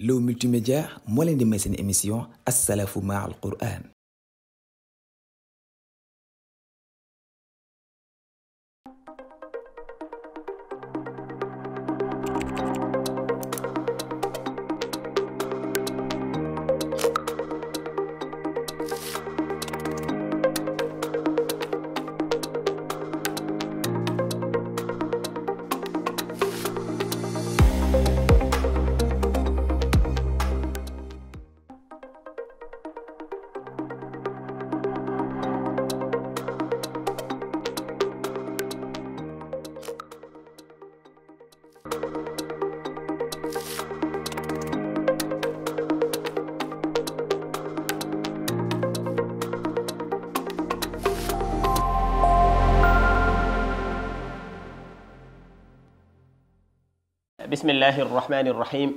لو ملتي ميديا مولين دي ميسين اميسيون السلف مع القران بسم الله الرحمن الرحيم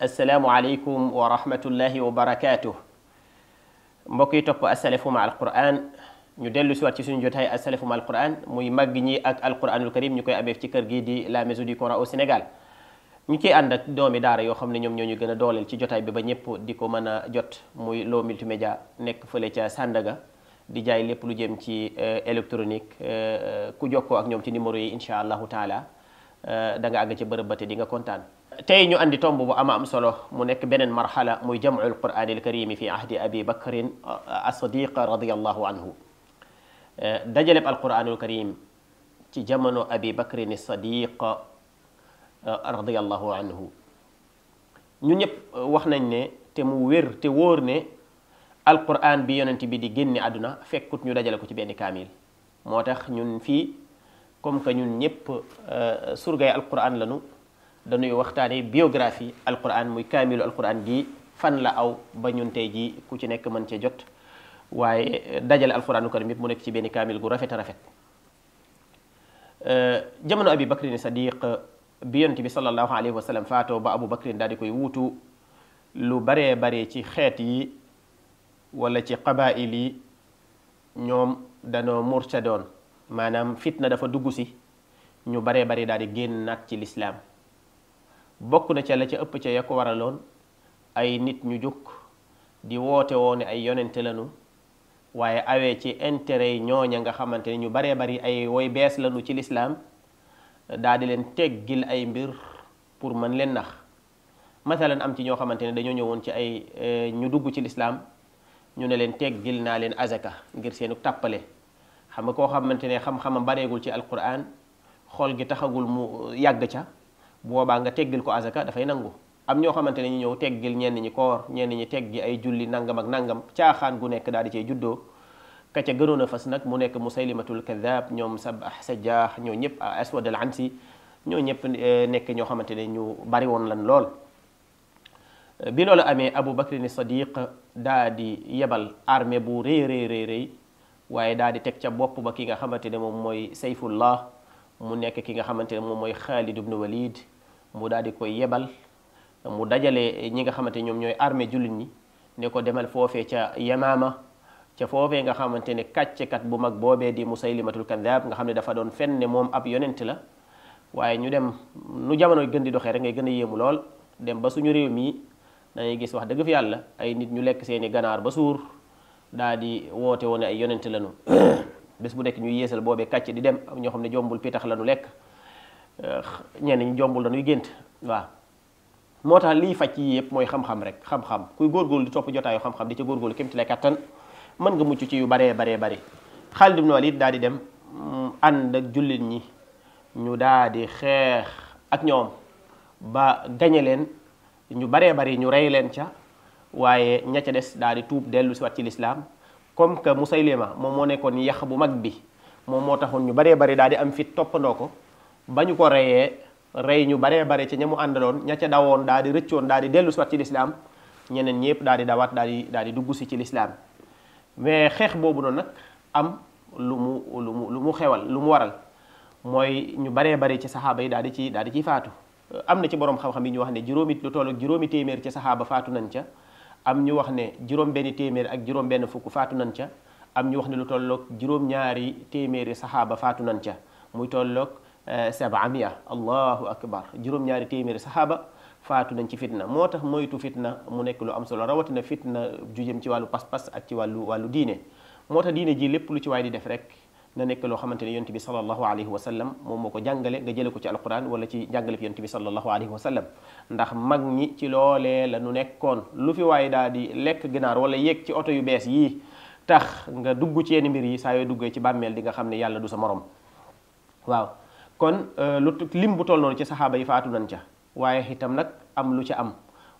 السلام عليكم ورحمة الله وبركاته مبكي توب السلف مع القرآن ñu dellu si waat ci suñu jotaay asalafu ma alquran muy mag ñi ak alquranul karim ñu koy amee ci kër gii di la maison du coran au sénégal ñu ciy ànd ak doomi daara yoo xam ne ñoom ñoo ñu gën a dooleel ci jotaay bi ba ñëpp di ko mën a jot muy loo multimédia nekk fële ca sàndaga di jaay lépp lu jëm ci électronique ku jokkoo ak ñoom ci numéro yi incha allahu taala Eh, da nga àgg ci bërëb ba te di nga kontaan tey ñu andi tomb bu ama am solo mu nekk beneen marxala muy jamcul qur'aan alkarimi fi ahdi abi bakrin eh, as-sadiq radiallahu anhu eh, dajaleb alquraanul karim ci jamono abi bakrin as-sadiq radiallahu anhu ñu ñëpp wax nañ ne te mu wér te woor ne alquran bi yonent bi di génne àdduna fekkut ñu dajale ko ci benn kaamil moo tax ñun fii comme que ñun ñëpp surgay alquran lañu dañuy waxtaanee biographie alquran muy kaamilu alquran gi fan la aw ba ñun tey jii ku ci nekk mën cee jot waaye dajale alquranu karim yëpp mu nekk ci benn kaamil gu rafet a rafet jamono abi bakrin sadiq bi yonent bi sallallahu alayhi wa sallam faatoo ba abu bakrin daal di koy wuutu lu baree baree ci xeet yi wala ci qabail yi ñoom danoo murtadoon maanaam fitna dafa dugg si ñu bare bare daal di génnaat ci lislaam bokk na ca la ca ëpp ca ya ko waraloon ay nit ñu jukk di woote woo ne ay yonente lanu waaye awee ci intérêt ñooña nga xamante ne ñu bare bari ay woy bees lanu ci lislaam daal di leen teggil ay mbir pour mën leen nax masalan am ci ñoo xamante ne dañoo ñëwoon ci ay eh, ñu dugg ci lislaam ñu ne leen teggil naa leen azaka ngir seenu tàppale xam nga koo xamante ne xam-xamam bareegul ci alquran xool gi taxagul mu yàgg ca boobaa nga teggil ko azaka dafay nangu am ñoo xamante ne ñu ñëw teggil ñenn ñi koor ñeen ñi teggi ay julli nangam ak nangam caaxaan gu nekk daal di cay juddoo ka ca gënoon a fas nag mu nekk mu musaylimatul kadab ñoom sa sajjaax ñoo ñëpp ah, aswad al ansi ñoo ñëpp eh, nekk ñoo xamante ne ñu bari woon lan lool bi loolu amee abu bakrin sadiq daa di yebal armée bu rëy rëy rëy rëy waaye daal di teg ca bopp ba ki nga xamante ne moom mooy sayfullah mu nekk ki nga xamante ne moom mooy xaalid ibnu walid mu daal di koy yebal mu dajale ñi nga xamante ñoom ñooy armée jullit ñi ne ko demal foofee ca yamaama ca foofee nga xamante ne kàccekat bu mag boobee di mu limatul kadab nga xam ne dafa doon fen ne moom ab yonent la waaye ñu dem nu jamono gën di doxee rek ngay gën a yéemu lool dem ba suñu réew mi dangay gis wax dëgg fi yàlla ay nit ñu lekk seeni ganaar ba suur daa di woote woon ay yonente lanu bés bu nekk ñuy yéesal boobee kàcc di dem am ñoo xam ne jombul pitax lanu lekk ñenn ñi jombul dañuy gént waaw moo tax liy faj yii yëpp mooy xam-xam rek xam-xam kuy góorgóorlu di topp jotaayu xam-xam di ca góorgóorlu kéem ti lay kàttan mën nga mucc ci yu baree baree bari Xaalid ibn Walid daal di dem mm, ànd ak jullit ñi ñu daal di xeex ak ñoom ba gañe leen ñu baree bari ñu rey leen ca waaye ña ca des daal di tuub dellu si wat ci lislaam comme que Musaylima moom moo nekkoon yax bu mag bi moom moo taxoon ñu baree bari daal di am fit toppandoo ko ba ñu ko reyee rey ñu baree bari ca ña mu àndaloon ña ca dawoon daal di rëccoon daal di dellu si wat ci lislaam ñeneen ñëpp daal dawaat daal di daal di dugg si ci lislaam mais xeex boobu noonu nag am lu mu lu mu lu mu xewal lu mu waral mooy ñu baree bari ci saxaaba yi daal di ci daal di ciy faatu am na ci borom xam-xam yi ñu wax ne juróomi lu toll ak juróomi téeméer ci saxaaba faatu nañ ca am ñu wax ne juróom-benni téeméer ak juróom-benn fukk faatu nañ ca am ñu wax ne lu tollook juróom-ñaari téeméeri saxaaba faatu nañ ca muy tolloog eh, sabamia allahu akbar juróom-ñaari téeméeri saxaaba faatu nañ ci fitna moo tax moytu fitna mu nekk lu am solo rawatina fitna ju jëm ci wàllu pas-pas ak ci wàllu wàllu diine moo tax diine ji lépp lu ci waay di def rek na nekk loo xamante ne yonent bi sallallahu alayhi wa sallam moom moo ko jàngale nga jële ko ci alquran wala ci jàngale fi yonent bi sallallahu alayhi wa sallam ndax mag ñi ci loolee la nu nekkoon lu fi waaye daal di lekk ginaar wala yéeg ci oto yu bees yii tax nga dugg ci yenn mbir yi saa duggee ci bàmmeel di nga xam ne yàlla du sa morom waaw kon euh, lu lim bu toll noonu ci saxaaba yi faatu nañ ca waaye itam nag am lu ci am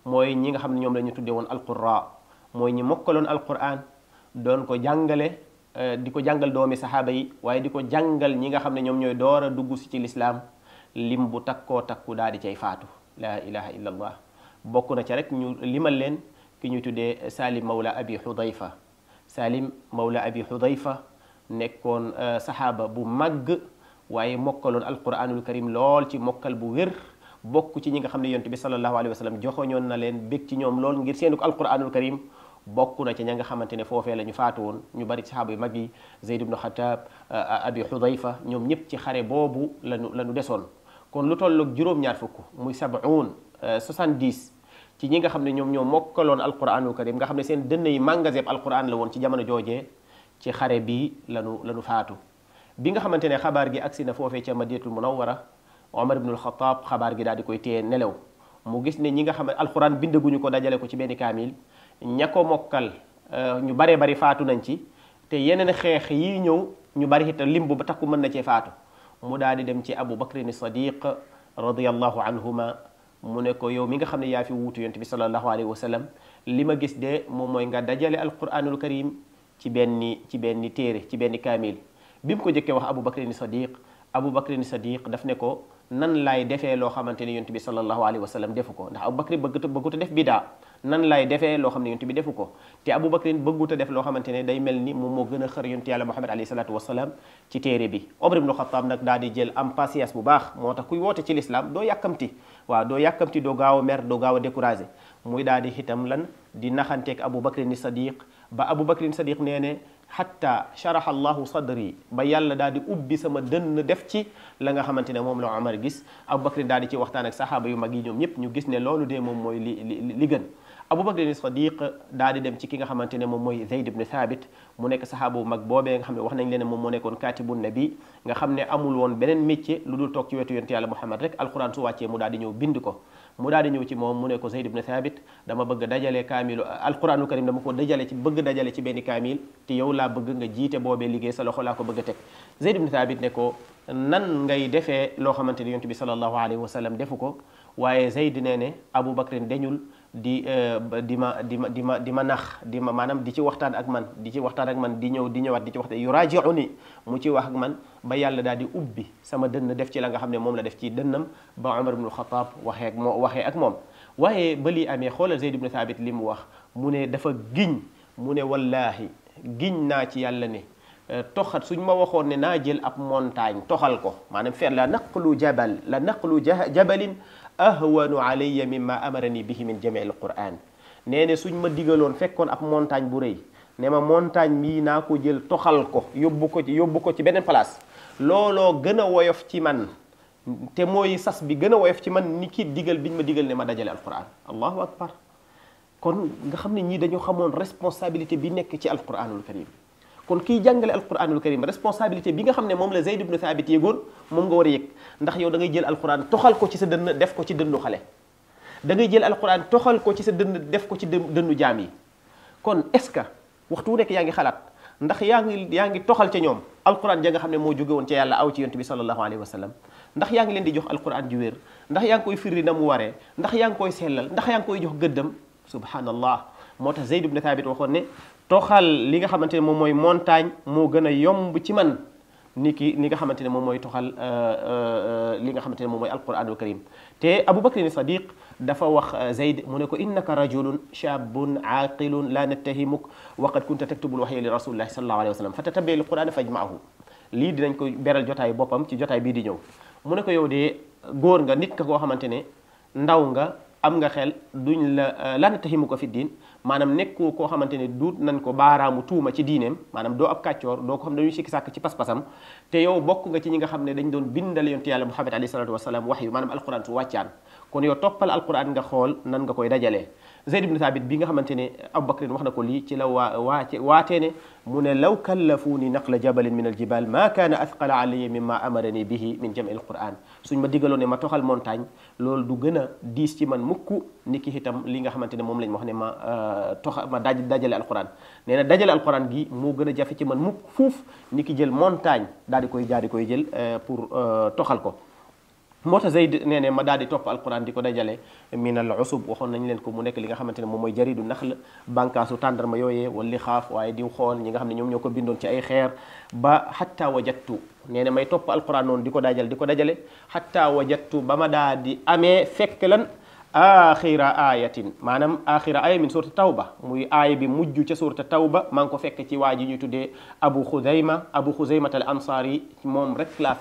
mooy ñi nga xam ne ñoom lañu ñu tuddee woon alqurra mooy ñi mokkaloon alquran doon ko jàngale Euh, di ko jàngal doomi saxaaba yi waaye di ko jàngal ñi nga xam ne ñoom ñooy door a dugg si ci lislaam lim bu takkoo takku daal di cay faatu laa ilaha illa allah bokk na ca rek ñu limal leen ki ñuy tuddee Salim Mawla Abi Xudayfa Salim Mawla Abi Xudayfa nekkoon euh, saxaaba bu màgg waaye mokkaloon alquranul karim lool ci mokkal bu wér bokk ci ñi nga xam ne yonent bi sallallahu alayhi wa sallam joxoñoon na leen bég ci ñoom lool ngir seenu alquranul karim bokku na ci ñinga xamantene fofé lañu faatu won ñu bari saxaaba yu magi yi Zayd ibnu Xataab Abi hudhayfa ñom ñep ci xare bobu lañu lañu ñu kon lu tollu juróom-ñaar fukk muy 70 70 ci ñinga xamne ñom ñoo karim nga xamne seen deñ yi magaséb alquran la won ci jamono jojé ci xare bi lanu lanu faatu bi nga xamantene xabar gi agsi na foofee ca madinatul munawwara omar ibnul khattab xabar gi daal di koy téé nelew mu gis ne ñinga xamne alquran bindaguñu ko dajale ko ci ben kamil ñako ko mokkal ñu bari bari faatu nañ ci te yeneen xeex yi ñëw ñu bari itam limbu ba takku mën na ci faatu mu daal di dem ci abou bakri ni sadiq radiyallahu anhuma mu ne ko yow mi nga xam ne yaa fi wuutu yonent bi salallahu alayhi wa sallam li ma gis de moom mooy nga dajale alquranul karim ci benn ci benn téere ci benn kaamil bi mu ko jëkkee wax abou bakri ni sadiq abou bakri ni sadiq daf ne ko nan lay defee loo xamante ni yonent bi salallahu alayhi wa sallam defu ko ndax abou bakri bëgg bëgguta def bidaa nan lay defé lo xamné ne yonent bi defu ko te Aboubacrine bëggut a def lo xamante ne day melni ni mo gëna xër yonent yàlla Muhammad ali sallatu wasalaam ci téré bi Omar ibnu khattab nak daal di jël am patience bu baax motax kuy woté ci l'islam do yakamti wa do yakamti do gaaw mer do gaaw décourager muy daal di itam lan di naxanté ak abou Aboubacrine Sadiq ba abou Aboubacrine Sadiq nee ne xatta sharaha allahu sadri ba yàlla daal di ubbi sama dënn def ci la nga xamante ne moom la Omar gis Aboubacrine daal di ci waxtaan ak saxaaba yu mag yi ñoom ñëpp ñu gis ne loolu de moom mooy li li gën bakr ibn sadiq daal dem ci ki nga xamantene mom moy zaid ibn thabit mu nek sahaaba mag bobé nga xamné wax nañ leen mom mo nekkon katibun nabi nga xamné amul won benen métier luddul tok ci wetu yent yàlla muhammad rek alquran su wacce mu daal ñëw bind ko mu daal ñëw ci mom mu nekk zaid ibn thabit dama bëgg dajale kamil alquran karim dama ko dajale ci bëgg dajale ci benn kamil te yow la bëgg nga jité bobé liggé sa loxo la ko bëgg tek zaid ibn thabit ne ko nan ngay défé lo xamantene yent bi sallallahu alayhi wa sallam defu waye Zayd nee abou Abu Bakrin dañul di di ma di ma di ma nax di ma maanaam di ci waxtaan ak man di ci waxtaan ak man di ñëw di ñewat di ci waxte yuraajiu ni mu ci wax ak man ba yàlla daal di ubbi sama dënn def ci la nga xamne mom la def ci dënnam ba Umar ibnul khattab waxe ak mo waxe ak mom waye ba li amé xolal Zayd ibn Thabit limu wax mu ne dafa giñ mu ne wallahi giñ na ci yàlla ne toxat suñ ma waxone na jël ab montagne toxal ko manam fer la naqlu jabal la naqlu jabalin ahwanu alayya mimma amarani bihi min jami al quran nee ne suñ ma digaloon fekkoon ab montagne bu rëy ne ma montagne mii naa ko jël toxal ko yóbbu ko ci yóbbu ko ci beneen place looloo gën a woyof ci man te mooy sas bi gën a woyof ci man ni ki digal bi ñu ma digal ne ma dajale alquran allahu akbar kon nga xam ne ñii dañoo xamoon responsabilité bi nekk ci al alquranul karim kon kiy jàngale alquranul karim responsabilité bi nga xam ne moom la Zayd ibnu Thabit yëgoon moom nga war a yëg ndax yow da ngay jël alquran toxal ko ci sa dënn def ko ci dënnu xale da ngay jël alquran toxal ko ci sa dënn def ko ci dënnu jaam yi kon est-ce que waxtu wu nekk yaa ngi xalaat ndax yaa ngi yaa ngi toxal ca ñoom alquran ja nga xam ne moo jóge woon ca yàlla aw ci yonent bi sallallahu alayhi wasallam ndax yaa ngi leen di jox alquran ju wér ndax yaa ngi koy firri na mu waree ndax yaa ngi koy sellal ndax yaa ngi koy jox gëddam subhanallah moo tax Zayd ibnu Thabit waxoon ne toxal li nga xamante ne moom mooy montagne moo gën a yomb ci man niki ni nga xamante ne moom mooy toxal li nga xamante ne moom mooy alquranul karim te ni sadiq dafa wax zayd mu ne ko innaka rajulun shabun aqilun la nattahimuk wa qad kunta taktubu alwahya li rasulillahi sallallahu alayhi wasallam fatatabbi alquran fajma'hu li dinañ ko beral jotay bopam ci jotay bi di ñëw mu ne ko yow de góor nga nit ka ko xamante ne ndaw nga am nga xel duñ la la nattahimuka fi din manam nekkoo ko xamante ne duut nañ ko baramu tuuma ci dinem manam do ab kàccoor do ko xam dañuy sik sak ci pas-pasam te yow bokk nga ci ñinga xamne dañ doon bindal yonte yàlla muhammad ali sallallahu alaihi wasallam wahyu manam alquran tu waccan kon yow topal alquran nga xol nan nga koy dajale zaid ibn thabit bi nga xamante abubakar wax na ko li ci la wa waace waatee ne mu law kallafuni naqla jabal min aljibal ma kana athqala alayya mimma amarani bihi min jami alquran suñ ma digaloon ne ma toxal montagne loolu du gën a diis ci man mukk ni ki itam li nga xamante ne moom lañ wax ne ma euh, toxa ma daj dajale alquran nee na dajale alquran gi moo gën a jafe ci man mukk fuuf ni ki jël montagne daal di koy jaar di koy jël euh, pour euh, toxal ko moo tax Zayd nee ne ma daal di alquran di dajale minal usub waxoon nañ leen ko mu nekk li nga xamante ne moom mooy jaridu naxl bànkaasu tàndarma yooyee wala li xaaf waaye diw ñi nga xam ne ñoom ñoo ci ay xeer ba xatta wajattu nee ne may topp alquran noonu di ko dajale dajale xatta wajattu ba ma daal di lan axira ayatin maanaam axira aya min surata tawba muy aaya bi mujj ca surata tawba maa ngi ko fekk ci waa ji ñu tuddee abu xudayma abu xudaymat al ansari moom rek laa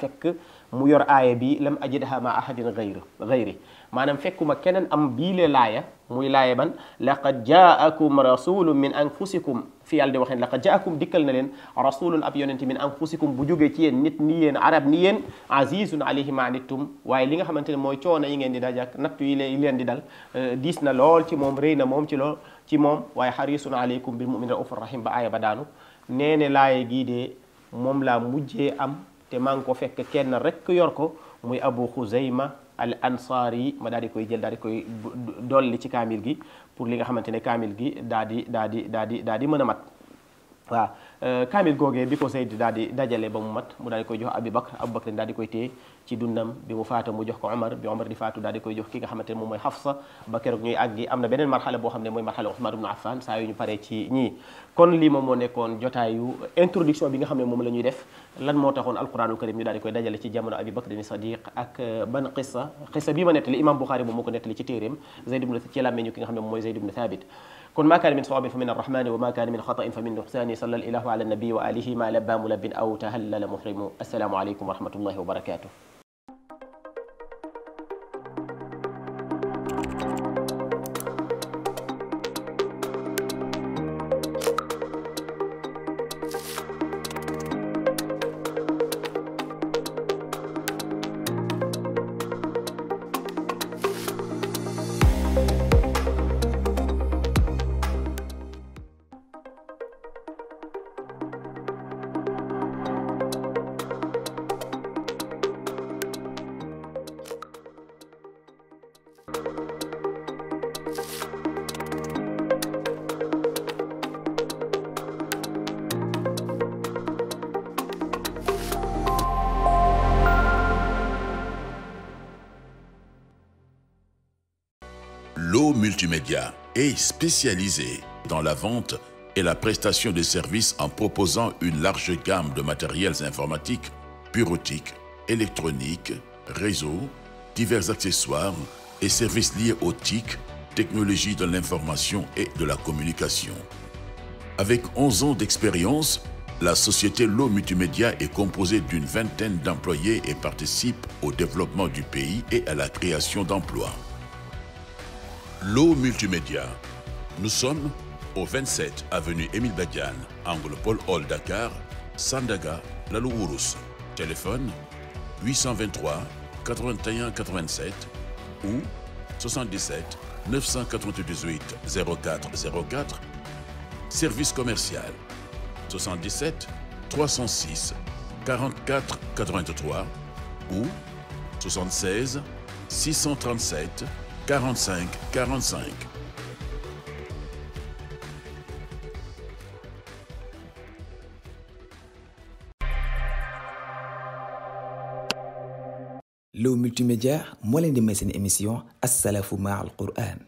mu yor aya bi lam ajidha ma ahadin gayr ghayri manam fekuma kenen am le laya muy laye ban laqad jaakum rasulun min anfusikum fi yàlla di waxeen laqad jaakum dikal na len rasulun ab yonent min anfusikum bu joge ci yen nit ni yen arab ni yen azizun alayhi ma anittum way li nga xamanteni moy choona yi ngeen di dajak nattu yi len di dal dis na lol ci mom reyna mom ci lool ci mom way harisun alaykum bil mu'minu rahim ba aya ba daanu nee ne de mom la mujjé am te maa ngi ko fekk kenn rek yor ko muy abu xuzayma al ansaari ma daal di koy jël daal di koy dolli ci kaamil gi pour li nga xamante ne kaamil gi daal di daal di daal di daal di mën a mat waaw kaamil googee bi ko Zayd daal di dajale ba mu mat mu daal di koy jox Abubakar Abubakar daal di koy téye ci dundam bi mu faata mu jox ko Omar bi Omar di faatu daal di koy jox ki nga xamante ne moom mooy Xafsa ba keroog ñuy àgg am na beneen marxale boo xam ne mooy marxale Ousmane ibnu Affan saa yu ñu paree ci ñii kon lii moom moo nekkoon jotaayu introduction bi nga xam ne moom la ñuy def lan moo taxoon alquranul karim ñu daal di koy dajale ci jamono Abi Bakrin Sadiq ak ban qissa qissa bii ma nettali imam Buxaari moom moo ko nettali ci téeréem Zayd ibnu ci làmmeñu ki nga xam ne moom mooy Zayd ibnu Thabit كن ما كان من صواب فمن الرحمن وما كان من خطأ فمن نحسان صلى الإله على النبي وآله ما لبى ملب أو تهلل محرم السلام عليكم ورحمة الله وبركاته Multimédia est spécialisée dans la vente et la prestation de services en proposant une large gamme de matériels informatiques, bureautiques, électroniques, réseaux, divers accessoires et services liés aux TIC, technologies de l'information et de la communication. Avec 11 ans d'expérience, la société Low Multimédia est composée d'une vingtaine d'employés et participe au développement du pays et à la création d'emplois l'eau multimédia. Nous sommes au 27 avenue Émile Badian, angle Paul Hall Dakar, Sandaga, Lalouourous. Téléphone 823 81 87 ou 77 998 04 04. Service commercial 77 306 44 83 ou 76 637 45 45. L'eau multimédia moi de émission à Qur'an